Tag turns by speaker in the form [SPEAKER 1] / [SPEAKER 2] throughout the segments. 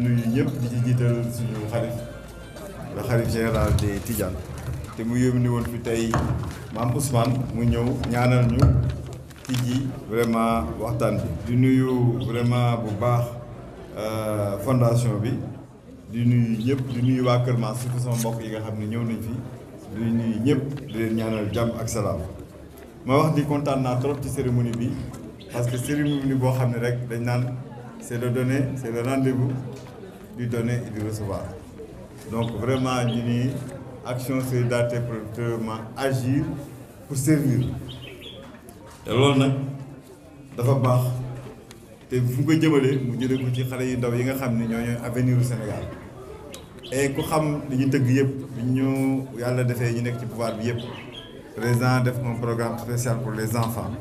[SPEAKER 1] ngi nuyu ñëpp di ci jiital suñu xalif la xalif général de Tidiane te mu yónni woon fi tey maam Ousmane mu ñëw ñaanal ñu tijji vraiment waxtaan bi di nuyu vraiment bu baax euh, fondation bi di nuyu ñëpp di nuyu waa Kër Maas surtout sama mbokk yi nga xam ne ñëw nañ fi di nuyu ñëpp di leen ñaanal jàmm ak salaam ma wax di kontaan naa trop ci cérémonie bi parce que cérémonie boo xam ne rek dañ naan c'est le donner c'est le rendez-vous du donner et du recevoir donc vraiment Dini, action solidarité producteur ma agir pour servir Et loolu d'abord, dafa baax te fu ko jëmale mu jëlee ko ci xale yu ndaw yi nga xam ne avenir du Sénégal et ku xam li ñu tëgg yëpp li ñu yàlla defee ñu nekk ci pouvoir bi yëpp président def un programme spécial pour les enfants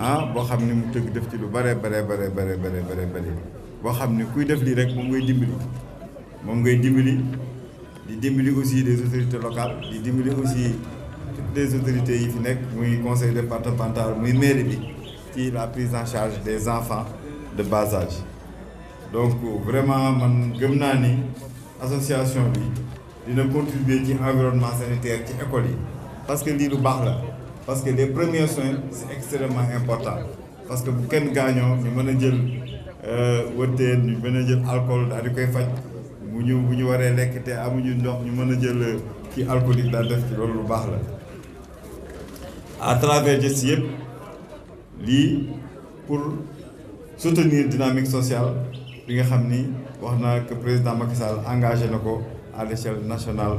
[SPEAKER 1] ah boo xam ne mu tëgg def ci lu bare bare bare bare bare bare bare boo xam ne kuy def lii rek moom ngay dimbali moom ngay dimbali di dimbali aussi des autorités locales di dimbali aussi toutes les autorités yi fi nekk muy conseil départemental muy mairie bi ci la prise en charge des enfants de bas âge donc vraiment man gëm naa ni association bi dina contribuer ci environnement sanitaire ci école parce que lii lu baax la parce que les premiers soins c'est extrêmement important parce que bu kenn gaañoo ñu mën a jël euh, wërteen jël alcool daal di koy faj bu ñu bu ñu waree lekk amu ñu ndox ñu mën jël ci euh, alcoolique da def ci lolu lu baax la à travers geste yëpp li pour soutenir dynamique sociale bi nga xamni wax que président Macky Sall engagé nako à l'échelle nationale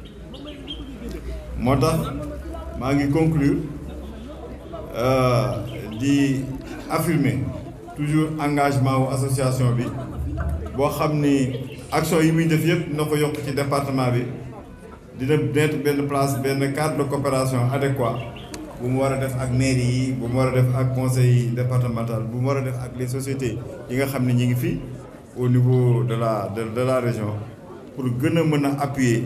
[SPEAKER 1] Moi tax maa conclure euh, affirmer toujours engagement de l'association bi boo l'action ni action yi muy def ci département bi dina nekk place cadre de coopération adéquat bu mu war a def ak mairie yi bu mu avec conseil départemental bu mu war les sociétés yi nga ici, ngi fi, au niveau de la de la région pour que nous appuyer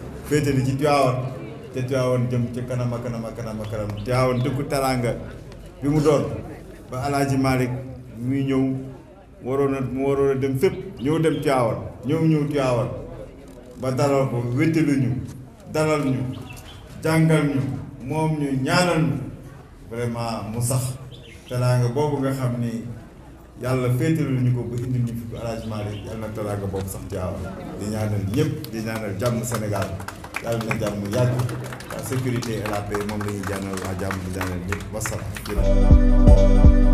[SPEAKER 1] féetali ci Tiwaawan te Tiwaawan jëm ci kanam a kanam a kanam a kanam dëkku teraanga bi mu doon ba Alaaji Malick muy ñëw waroon a mu waroon a dem fépp ñëw dem Tiwaawan ñëw ñëw Tiwaawan ba dalal ko wéttalu ñu ñu jàngal ñu moom ñu ñaanal ñu vraiment mu sax teraanga boobu nga xam ni yàlla féetale ñu ko ba indil ñu fi arrangement yi yàlla na teraanga boobu sax jaaw di ñaanal ñëpp di ñaanal jàmm Sénégal yàlla na jàmm yàgg la sécurité et la paix moom la ñuy jàngal waa jàmm la ñaanal ñëpp wasalaam